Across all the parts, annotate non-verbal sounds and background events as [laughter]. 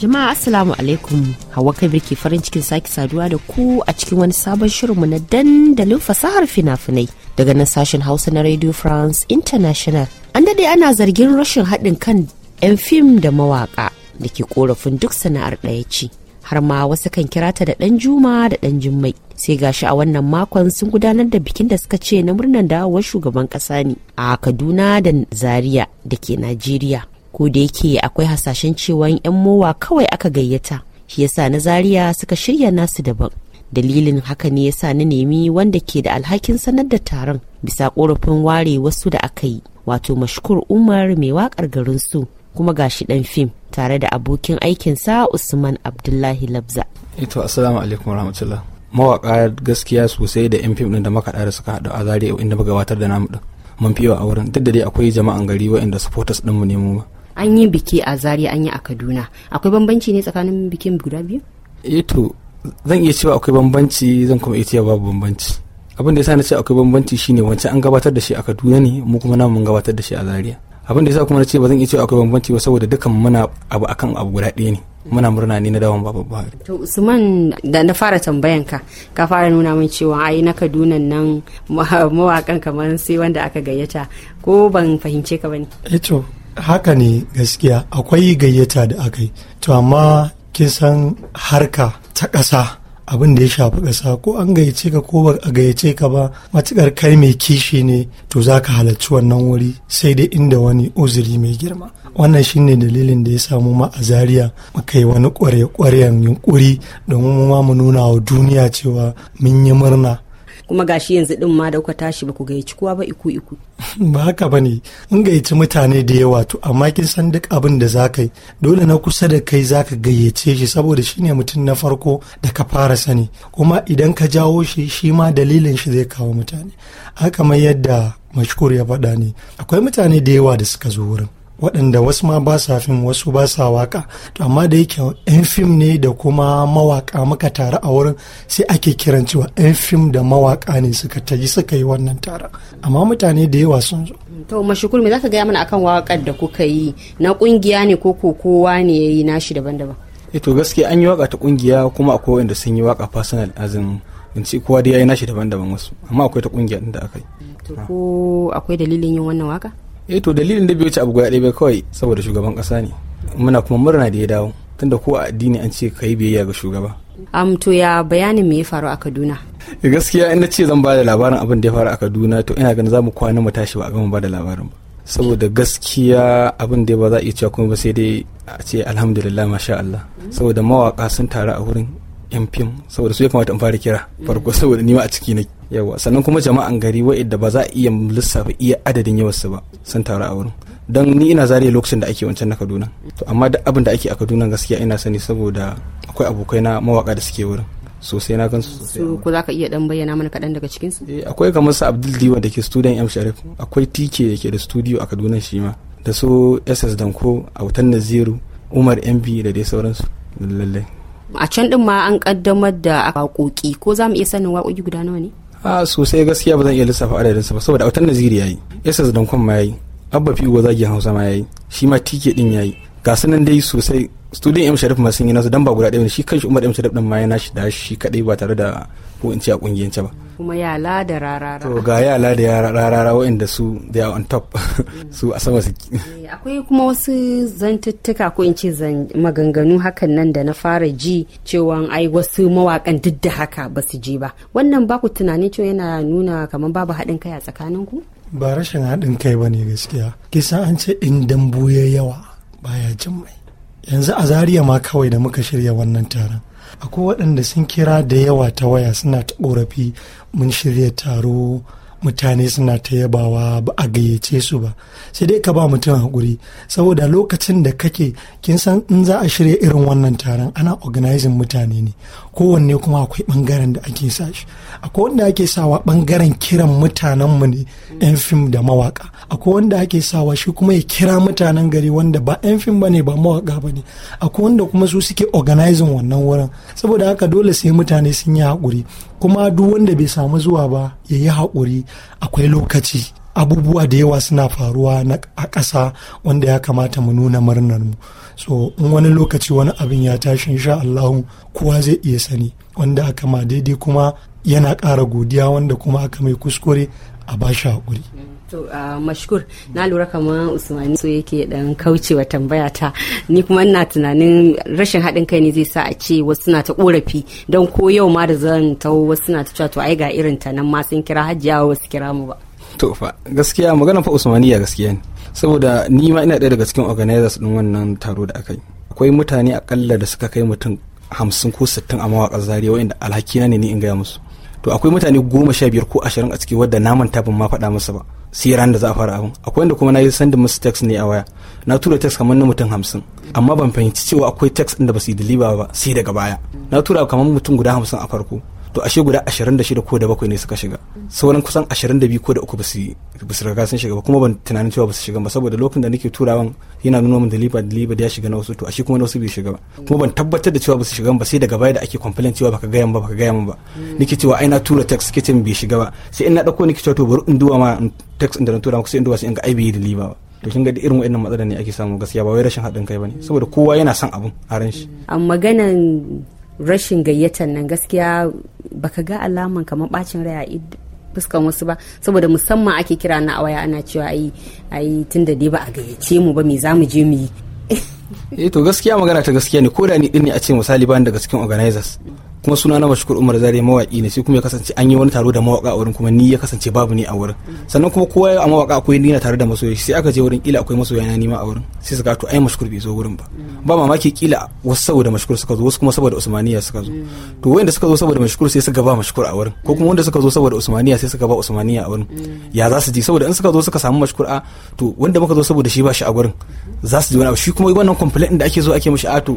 Jama'a Assalamu alaikum Hawa Kabir ke farin cikin sake saduwa da ku a cikin wani sabon shirin mu na dandalin fasahar fina-finai daga nan sashen Hausa na Radio France International. An dade ana zargin rashin haɗin kan 'yan fim da mawaƙa da ke korafin duk sana'ar ɗaya ce. Har ma wasu kan kira ta da ɗan juma da ɗan jummai. Sai gashi a wannan makon sun gudanar da bikin da suka ce na murnar dawowar shugaban ƙasa ne a Kaduna da Zaria da ke Najeriya. ko da yake akwai hasashen cewa yan mowa kawai aka gayyata shi yasa na zariya suka shirya nasu daban dalilin haka ne yasa na nemi wanda ke da alhakin sanar da taron bisa korafin ware wasu da aka yi wato mashkur umar mai wakar garin su kuma gashi dan fim tare da abokin aikinsa usman abdullahi labza ito assalamu alaikum warahmatullah mawaka gaskiya sosai da yan fim din da makaɗa da suka haɗu a zaria inda muka gabatar da namu din mun fi yawa a wurin duk da dai akwai jama'an gari waɗanda supporters ɗinmu ne mu an yi biki a zari an yi a kaduna akwai bambanci ne tsakanin bikin guda biyu Eto eh zan iya cewa akwai bambanci zan kuma iya cewa babu bambanci abin da yasa na ce akwai bambanci shine wancan an gabatar da shi a kaduna ne mu kuma namu mun gabatar da shi a zaria abin da yasa kuma na ce ba zan iya cewa akwai bambanci ba saboda dukan muna abu akan abu guda ɗaya ne muna murna ne na dawon babu buhari to usman da na fara tambayan ka ka fara nuna min cewa ai na kaduna nan [laughs] mawakan kamar sai wanda aka gayyata ko ban fahimce ka bane eh to haka ne gaskiya akwai gayyata da aka yi to amma kin san harka ta ƙasa abin da ya shafi ƙasa ko an gayyace ka ko ba a gayyace ka ba matukar kai mai kishi ne to za ka halarci wannan wuri sai dai inda wani uzuri mai girma wannan shine dalilin da ya samu ma a zaria muka yi wani ƙware-ƙwaren yunƙuri domin mu ma mu nuna wa duniya cewa mun yi murna kuma gashi yanzu din ma da kuka tashi ba ku gayyaci kowa ba iku iku [laughs] ba haka bane in gayyaci mutane da yawa to amma kin san duk abin da za ka yi dole na kusa da kai za ka gayyace shi saboda shi ne mutum na farko da ka fara sani kuma idan ka jawo shi shi ma dalilin shi zai kawo mutane haka mai yadda mashkur ya faɗa ne akwai mutane da yawa da suka zo wurin waɗanda wasu ma ba sa fim wasu ba sa waka to amma da yake yan fim ne da kuma mawaka muka tare a wurin sai ake kiran cewa yan fim da mawaka ne suka ta yi suka yi wannan tara amma mutane da yawa sun zo to mashukul me zaka gaya mana akan wakar da kuka yi na kungiya ne ko ko kowa ne yayi nashi daban-daban eh to gaskiya an yi waka ta kungiya kuma akwai wanda sun yi waka personal azin in ce kowa dai yayi nashi daban-daban wasu amma akwai ta kungiya din da aka yi to ko akwai dalilin yin wannan waka eh to dalilin da bai wuce abu guda ɗaya bai kawai saboda shugaban ƙasa ne muna kuma murna da ya dawo tunda ko a addini an ce ka yi biyayya ga shugaba am to ya bayanin me ya faru a Kaduna eh, gaskiya ina ce zan bada labarin abin da ya faru a Kaduna to ina ganin za mu kwana mu tashi ba a gama bada labarin ba saboda gaskiya abin da ba za a iya cewa kuma ba sai dai a ce alhamdulillah masha Allah saboda mawaka sun taru a wurin yan fim saboda su ya kamata in fara kira farko saboda ma a ciki nake yawa sannan kuma jama'an gari wa'idda ba za a iya lissafa iya adadin yawan su ba sun taru a wurin dan ni ina zare lokacin da ake wancan na kaduna to amma da abin da ake a kaduna gaskiya ina sani saboda akwai abokai na mawaka da suke wurin sosai na su sosai su ko zaka iya dan bayyana mana kaɗan daga cikin su eh akwai kamar su Abdul Diwa da ke student M Sharif akwai TK da ke da studio a Kaduna shi ma da su SS Danko Autan Naziru Umar MB da dai sauransu lallai a can din ma an kaddamar da waƙoƙi ko za mu iya sanin waƙoƙi guda nawa ne a sosai gaskiya ba zan iya lissafa adadinsa ba saboda autan naziri yayi ss dankon ma yayi abba figo zagi hausa ma yi shi ma tike din yayi ga sunan dai sosai studiyon m sharif ma sun yi nasu dan ba guda ɗaya shi kanshi umar m sharif din ma ya nashi da shi kadai ba tare da ko in ce a kungiyance ba kuma yala da rarara to ga yala da yara rarara waɗanda su they are on top mm. [laughs] su a sama suke eh, akwai kuma wasu zantuttuka ko in ce maganganu hakan nan da na fara ji cewa ai wasu mawakan duk da haka ba su je ba wannan ba ku tunanin cewa yana nuna kamar babu haɗin kai a tsakaninku ba rashin haɗin kai ba ne gaskiya kisa an ce in dambu ya yawa baya jin mai yanzu a zariya ma kawai da muka shirya wannan taron akwai waɗanda sun kira da yawa ta waya suna ta ƙorafi mun shirya taro mutane suna ta yabawa ba a gayyace su ba sai dai ka ba mutum hakuri saboda lokacin da kake kin san in za a shirya irin wannan taron ana organizing mutane ne kowanne kuma akwai bangaren da ake sa shi akwai wanda ake sawa bangaren kiran mutanen mu ne yan fim da mawaka akwai wanda ake sawa shi kuma ya kira mutanen gari wanda ba yan fim bane ba mawaka bane akwai wanda kuma su suke organizing wannan wurin saboda haka dole sai mutane sun yi hakuri kuma duk wanda bai samu zuwa ba ya yi haƙuri akwai lokaci abubuwa da yawa suna faruwa a ƙasa wanda ya kamata mu nuna murnar mu so in wani lokaci wani abin ya tashi insha Allahu kowa zai iya sani wanda aka ma daidai kuma yana ƙara godiya wanda kuma aka mai kuskure a bashi haƙuri. To uh, mashkur na lura kamar Usmani so yake dan kaucewa tambaya ta ni kuma ina tunanin rashin haɗin kai ne zai sa a ce wasu na ta korafi don ko yau ma da zan taho wasu na ta cewa to ai ga irin ta nan ma sun kira hajjiya wasu kira mu ba. To fa gaskiya magana fa ya gaskiya ne saboda ni ma ina ɗaya daga cikin organizers din wannan taro da aka yi akwai mutane akalla da suka kai mutum hamsin ko sittin a mawaƙar zariya wa'inda alhakina ne ni in gaya musu to akwai mutane goma sha biyar ko ashirin a ciki wadda naman tabin ma faɗa musu ba sai ran da za a fara abin akwai wanda kuma na yi sanda musu text ne a waya na tura text kamar na mutum hamsin amma ban fahimci cewa akwai text inda ba su yi deliver ba sai daga baya na tura kamar mutum guda hamsin a farko to ashe guda 26 ko da bakwai ne suka shiga sauran kusan 22 ko da uku ba su riga sun shiga ba kuma ban tunanin cewa ba su shiga ba saboda lokacin da nake turawan yana nuna min daliba daliba da ya shiga na wasu to ashe kuma na wasu bai shiga ba kuma ban tabbatar da cewa ba su shiga ba sai daga baya da ake complain cewa baka ga ba baka ga ba nake cewa ai na tura text kace bai shiga ba sai in na dauko nake cewa to bari in duba ma text din da na tura ku sai in duba sai in ga ai bai liba ba to kin ga da irin wannan matsalar ne ake samu gaskiya ba wai rashin haɗin kai bane saboda kowa yana son abun a ran shi a maganan rashin gayyatan nan gaskiya baka ga alaman kamar bacin rai a fuskan wasu ba saboda musamman ake kira na a waya ana cewa ai ayi tunda dai ba a gayyace mu ba me za mu je mu yi [laughs] eh to gaskiya magana ta gaskiya ne ko da ni din ne a ce misali ban daga cikin organizers kuma suna na mashkur umar zare mawaki ne sai kuma ya kasance an yi wani taro da mawaka a wurin kuma ni ya kasance babu ni a wurin sannan kuma kowa a mawaka akwai nina tare da masoyi sai aka je wurin kila akwai masoya na nima a wurin sai su gato ai mashkur bai zo wurin ba ba mamaki kila wasu saboda mashkur suka zo wasu kuma saboda usmaniya suka zo to wanda suka zo saboda mashkur sai suka ba mashkur a wurin ko kuma wanda suka zo saboda usmaniya sai suka ba usmaniya a wurin ya za su ji saboda in suka zo suka samu mashkur a to wanda muka zo saboda shi ba shi a wurin za su ji wani abu shi kuma wannan complaint da ake zo ake mashi a to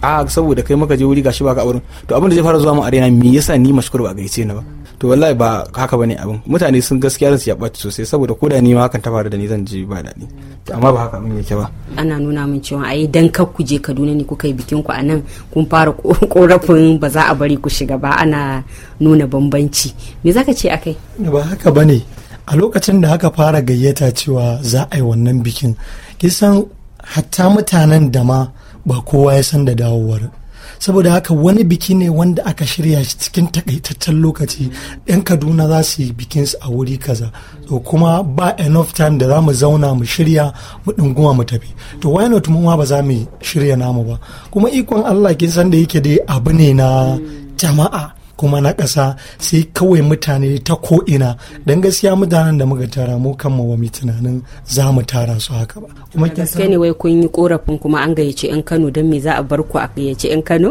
a saboda kai muka je wuri gashi ba ka a wurin to abin da fara zuwa mu arena me yasa ni mashkur ba gaice ni ba to wallahi ba haka bane abin mutane sun gaskiya su ya ɓaci sosai saboda ko da ni ma hakan ta faru da ni zan ji ba daɗi amma ba haka mun yake ba ana nuna min cewa ai dan kar ku je Kaduna ne kuka yi bikin ku anan kun fara korafin ba za a bari ku shiga ba ana nuna bambanci me zaka ce akai ba haka bane a lokacin da aka fara gayyata cewa za a yi wannan bikin kisan hatta mutanen da ma ba kowa ya san da dawowar saboda haka wani biki ne wanda aka shirya shi cikin takaitaccen lokaci yan kaduna za su yi bikin su a wuri kaza to kuma ba enough time da za mu zauna mu shirya mu dinguma mu tafi to why not mu ma ba za mu shirya namu ba kuma ikon Allah kin san da yake dai abu ne na jama'a kuma na ƙasa sai kawai mutane ta ko'ina don gaskiya mutanen da muka tara mu kanmu ba mai tunanin za mu tara su haka ba. kuma gaske ne wai kun yi korafin kuma an gayyace 'yan kano don me za a bar ku a gayyaci 'yan kano?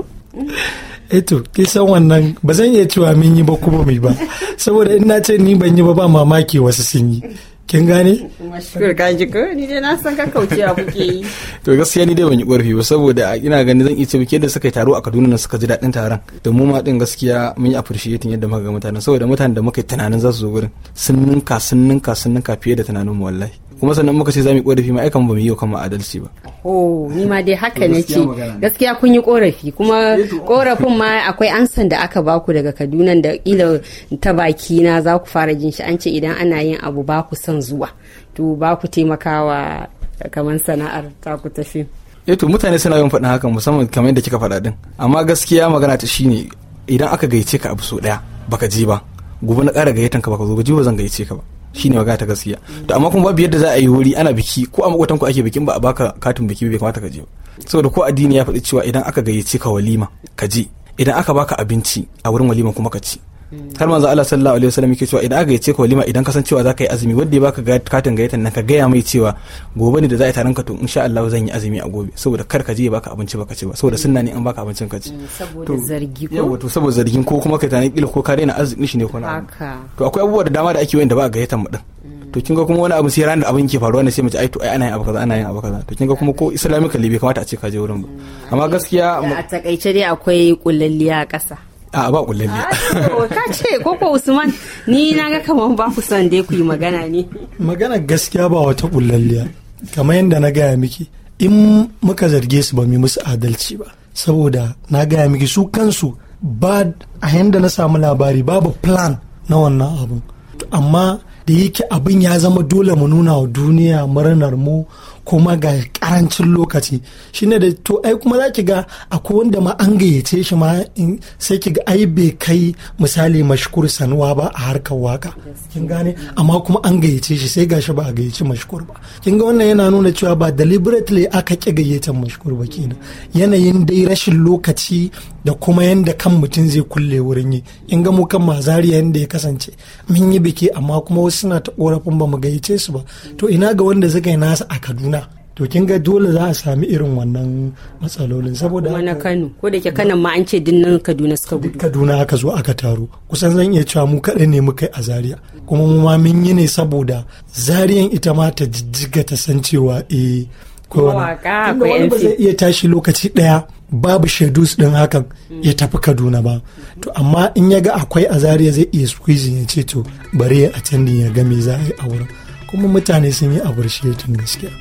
eto eh kisan wannan ba zan iya cewa min yi ba kuma mai ba saboda in na ce ni ban yi ba ba mamaki wasu sun yi. kin gane? Mashigar kaji ko ni dai na san ka kaucewa kuke yi. [laughs] To gaskiya ni dai ban yi ƙorafi ba saboda ina gani zan iya ce da suka yi taro a Kaduna na suka ji daɗin taron. Da mu ma din gaskiya mun yi appreciating yadda muka ga mutanen saboda mutanen da muka yi tunanin za su zo gurin sun ninka sun ninka sun ninka fiye da tunanin mu wallahi. kuma sannan muka ce za mu yi korafi ma aikan ba mu yi wa kama adalci ba. Oh, ni ma dai haka na ce gaskiya kun yi korafi kuma korafin eh ma akwai ansan da aka baku daga Kaduna da ila ta baki na za ku fara jin shi an ce idan ana yin abu ba ku son zuwa to ba ku taimakawa kamar sana'ar ta ku tafi. Eh to mutane suna yin faɗin hakan musamman kamar yadda kika faɗa din amma gaskiya magana ta shine idan aka gayyace ka abu so ɗaya baka je ba gobe na ƙara gayyatan ka baka zo ba ji ba zan gayyace ka ba. shine magana ta gaskiya to amma kuma babu yadda za a yi wuri ana biki ko a makwatan ku ake bikin ba a baka katin biki bai kamata ka je saboda ko addini ya faɗi cewa idan aka gayyace ka walima ka je idan aka baka abinci a wurin walima kuma ka ci har manzo Allah sallallahu alaihi wasallam yake cewa idan aka yace ka walima idan ka san cewa zaka yi azumi wanda ya baka katin gayatan nan ka gaya mai cewa gobe ne da za a yi taron ka to insha Allah zan yi azumi a gobe saboda kar ka je ba baka abinci baka ci ba saboda sunna ne an baka abincin ka ci mm, saboda zargi ko yawa to saboda zargin ko kuma kai tana kila ko ka daina azumi shi ne ko na to akwai abubuwa da dama da ake yi da ba a gayatan mu din mm. to kinga kuma wani abu sai ranar da abin ke faruwa ne sai mace ai to ai ana yin abu kaza ana yin abu kaza to kinga kuma ko islamically libe kamata a ce ka je wurin ba mm. amma gaskiya a takaice dai akwai kullalliya a ƙasa a ba kullalle ah, ka ce koko usman ni na ga kamar ba ku son dai ku yi magana ne magana gaskiya ba wata kullalliya kamar yadda na gaya miki in muka zarge su ba mu musu adalci ba saboda na gaya miki su kansu ba a yadda na samu labari babu plan na wannan abun amma da yake abin ya zama dole mu nuna wa duniya murnar mu kuma ga karancin lokaci shine da to ai kuma za ki ga akwai wanda ma an gayyace shi ma sai ki ga ai bai kai misali mashkur sanuwa ba a harkar waka kin gane amma kuma an gayyace shi sai gashi ba a gayyaci mashkur ba kin ga wannan yana nuna cewa ba deliberately aka ki gayyace mashkur ba kenan yanayin dai rashin lokaci da kuma yadda kan mutum zai kulle wurin yi in ga mu kan Zariya yadda ya kasance mun yi biki amma kuma wasu suna ta korafin ba mu gayyace su ba to ina ga wanda suka yi nasa a kaduna to kin ga dole za a sami irin wannan matsalolin saboda wani Kano ko da ke kanan ma an ce dinnan Kaduna suka gudu Kaduna aka zo aka taru kusan zan iya cewa mu kaɗai ne muka a Zariya kuma mu ma mun yi ne saboda Zariyan ita ma ta jijjiga ta san cewa eh ko wani ba zai iya tashi lokaci ɗaya babu shaidu din hakan mm. ya tafi kaduna ba to amma in ya ga akwai a zai iya squeeze ya ce to bari ya attending ya ga me za a yi a wurin kuma mutane sun yi aburshe tun gaskiya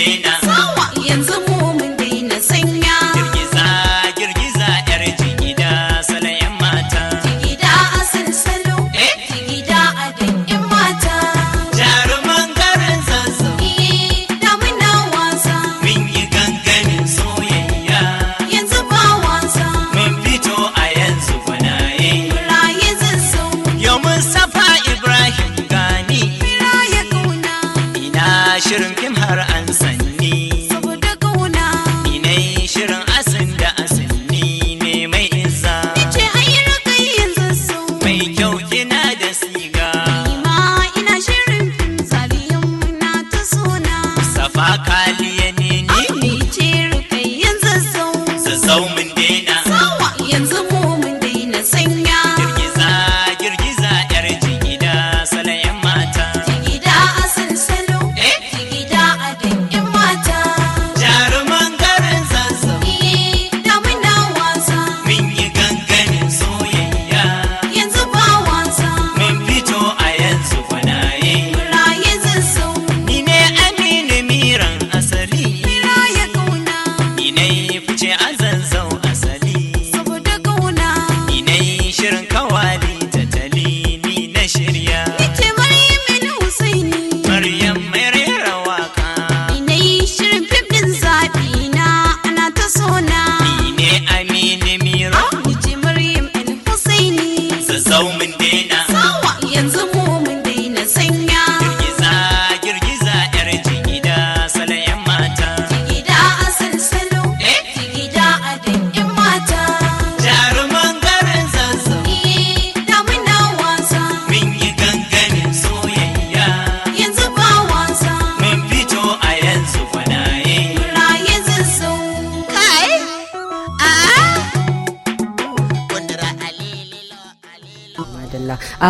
Medina.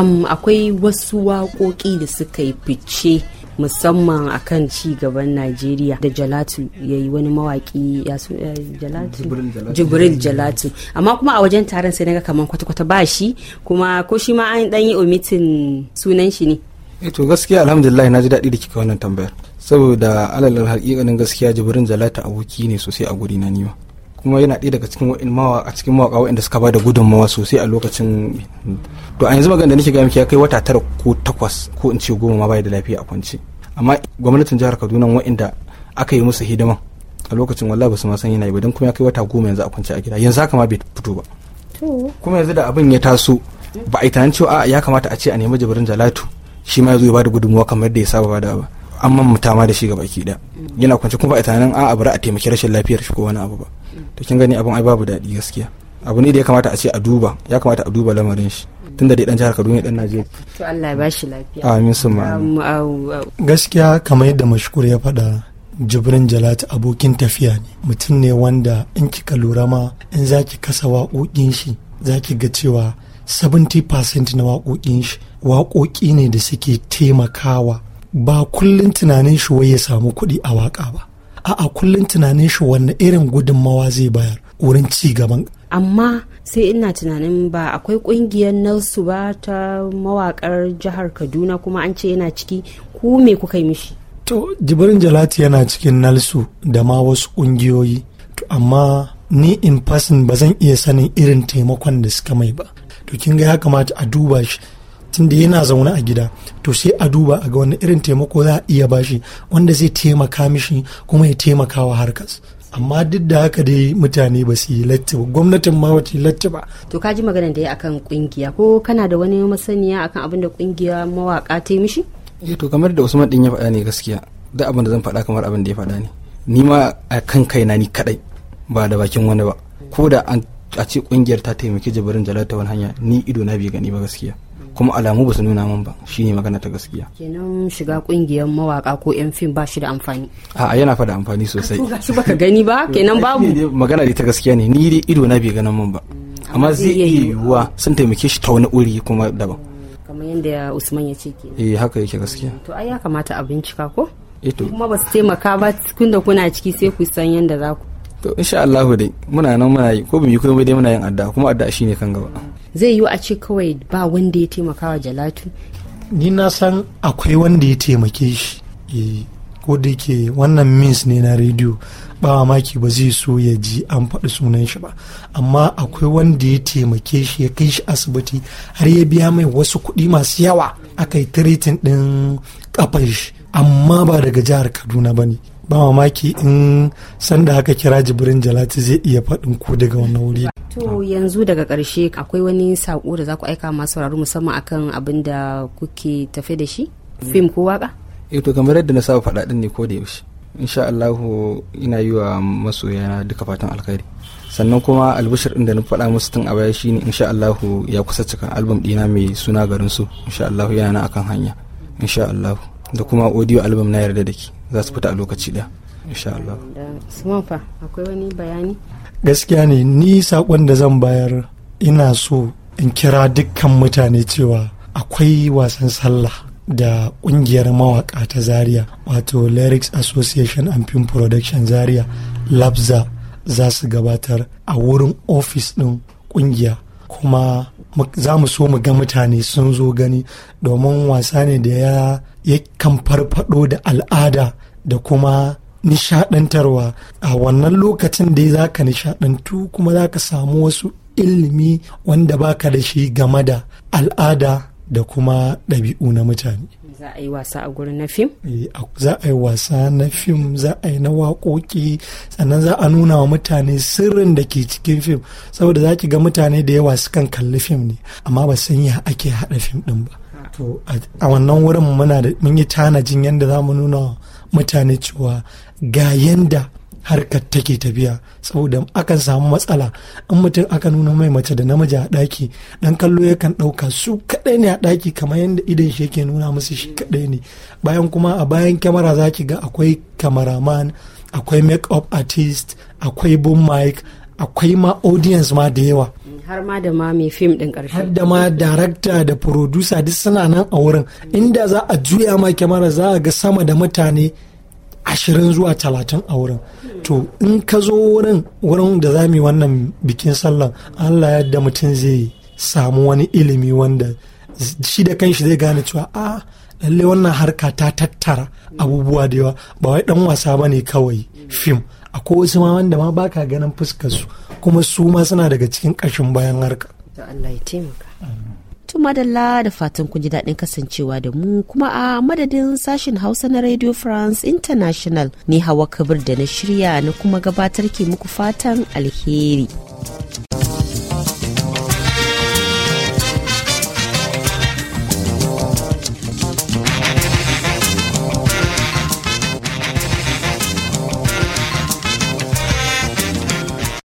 um, akwai wasu waƙoƙi da suka yi fice musamman akan ci gaban Najeriya da Jalatu ya yi wani mawaƙi ya su eh, Jalatu Jalatu amma kuma a wajen taron sai naga kaman kwata-kwata ba shi kuma ko shi ma an dan yi omitin sunan shi ne eh gaskiya alhamdulillah na ji daɗi da kika wannan tambayar saboda alalar hakikanin gaskiya Jibrin Jalatu aboki ne sosai a guri na niwa kuma yana ɗaya daga cikin wa'in mawa a cikin mawaka wa'inda suka bada gudunmawa sosai a lokacin to a yanzu magana da nake gami miki ya kai wata tara ko takwas ko in ce goma ma bai da lafiya a kwance amma gwamnatin jihar Kaduna wa'inda aka yi musu hidiman a lokacin wallahi ba su ma san yana yi ba don kuma ya kai wata goma yanzu a kwance a gida yanzu haka ma bai fito ba kuma yanzu da abin ya taso ba a yi tunanin cewa ya kamata a ce a nemi jibirin jalatu shi ma ya zo ya bada gudunmawa kamar yadda ya saba da ba an mamuta ma da shi gaba ki yana kwance kuma ba a tunanin a abu a taimaki rashin lafiyar shi ko wani abu ba to kin gani abun ai babu daɗi gaskiya abu ne da ya kamata a ce a duba ya kamata a duba lamarin shi tun da dan jihar Kaduna dan Najeriya to Allah ya bashi lafiya amin su ma gaskiya kamar yadda mashkur ya faɗa jibrin jalati abokin tafiya ne mutum ne wanda in kika lura ma in zaki kasa waƙoƙin shi zaki ga cewa 70% na waƙoƙin shi waƙoƙi ne da suke taimakawa ba kullum tunanin shi wai ya samu kuɗi a waƙa ba a'a kullum tunanin shi wanne irin gudunmawa zai bayar wurin ci gaban amma sai ina tunanin ba akwai ƙungiyar nelsu ba ta mawaƙar jihar kaduna kuma an ce yana ciki ku me kuka yi mishi to Jibirin jalati yana cikin Nalsu da ma wasu ƙungiyoyi to amma ni in fasin ba zan iya sanin irin taimakon da suka mai ba to kin ga ya kamata a duba shi tunda yana zaune a gida to sai a duba a ga wani irin taimako za a iya bashi wanda zai taimaka mishi kuma ya taimaka wa harkas amma duk da haka dai mutane ba su yi latti ba gwamnatin ma wace latti ba to ka ji magana da ya akan kungiya ko kana da wani masaniya akan abin da kungiya mawaka ta yi mishi eh to kamar da Usman din ya faɗa ne gaskiya da abin da zan faɗa kamar abin da ya faɗa ne ni ma a kan kaina ni kadai ba da bakin wani ba ko da an a ce kungiyar ta taimaki jabarin jalata wani hanya ni ido na bai gani ba gaskiya kuma alamu ba su nuna min ba shine magana ta gaskiya kenan shiga kungiyar mawaka ko yan fim ba shi da amfani a yana fa da amfani sosai shi baka gani ba [laughs] kenan babu magana dai ta gaskiya ne ni dai ido na bai ganin min ba amma zai iya yiwuwa sun taimake shi ta wani uri kuma daban kamar yadda Usman ya ce ke eh haka yake gaskiya to ai ya kamata a bincika ko Ito. Eh, kuma ba su taimaka ba kun kuna ciki sai ku san yadda za ku to insha Allah dai muna nan muna yi ko bin yi komai dai muna yin addu'a kuma addu'a shine kan gaba zai yiwu a ce kawai ba wanda ya taimaka wa jalatu ni na san akwai wanda ya taimake shi e, ko da yake wannan means ne na rediyo ba maki ba zai so ya ji an faɗi sunan shi ba amma akwai wanda ya taimake shi ya kai shi asibiti har ya biya mai wasu kuɗi masu yawa aka yi tiritin ɗin ƙafar shi amma ba daga jihar kaduna ba ne ba mamaki in sanda haka kira jibirin jalati zai iya faɗin ku daga wannan wuri. To yanzu daga ƙarshe akwai wani saƙo da za ku aika masu sauraro musamman akan abin da kuke tafe da shi? Fim ko waka? Eh to kamar yadda na saba faɗa ne ko da yaushe. Insha Allahu ina yi wa masoyana duka fatan alkhairi. sannan kuma albishir din da na faɗa musu tun a baya shine insha Allahu ya kusa cika album ɗina mai suna garin su insha Allahu yana nan akan hanya insha Allahu da kuma audio album na yarda da ke za su fita a lokaci ɗaya insha Allah fa akwai wani bayani gaskiya ne ni saƙon da zan bayar ina so in kira dukkan mutane cewa akwai wasan sallah da ƙungiyar mawaƙa ta zaria wato lyrics association and film production zaria labza za su gabatar a wurin ofis ɗin ƙungiya kuma za mu so mu ga mutane sun zo gani domin wasa ne da ya ya kan farfado da al'ada da kuma nishadantarwa a wannan lokacin da za ka nishadantu kuma za ka samu wasu ilimi wanda baka da shi game da al'ada da kuma ɗabi'u na mutane za a yi wasa a gurin na fim? Eh, za a yi wasa na fim za a yi na waƙoƙi sannan za a nuna wa mutane sirrin da ke cikin fim saboda za ki ga mutane da yawa sukan kalli fim ne amma ba san ya ake haɗa fim ɗin ba ah. to a wannan wurin muna da mun yi tanajin yadda za mu nuna wa mutane cewa ga yanda harkar take tafiya saboda akan samu matsala in mutum aka nuna mai mace da namiji a daki dan kallo yakan ɗauka su kadai ne a daki kamar yadda idan shi yake nuna musu shi kadai ne bayan kuma a bayan kyamara za ki ga akwai kamaraman akwai make-up artist akwai boom mic akwai ma audience ma da yawa har ma da ma mai fim din karshe har da ma darakta da producer duk suna nan a wurin inda za a juya ma kyamara za a ga sama da mutane ashirin zuwa talatin a wurin to in ka zo wurin wurin da za mu yi wannan bikin sallan allah yadda mutum zai samu wani ilimi wanda shi da kanshi zai gane cewa a lalle wannan harka ta tattara abubuwa da yawa ba wai dan wasa ne kawai fim akwai wasu ma wanda ma baka ganin fuskar su kuma su ma suna daga cikin kashin bayan harka tun madalla da fatan kun ji daɗin kasancewa da mu kuma a madadin sashen hausa na radio france international ne hawa kabir da na shirya na kuma gabatar ke muku fatan alheri.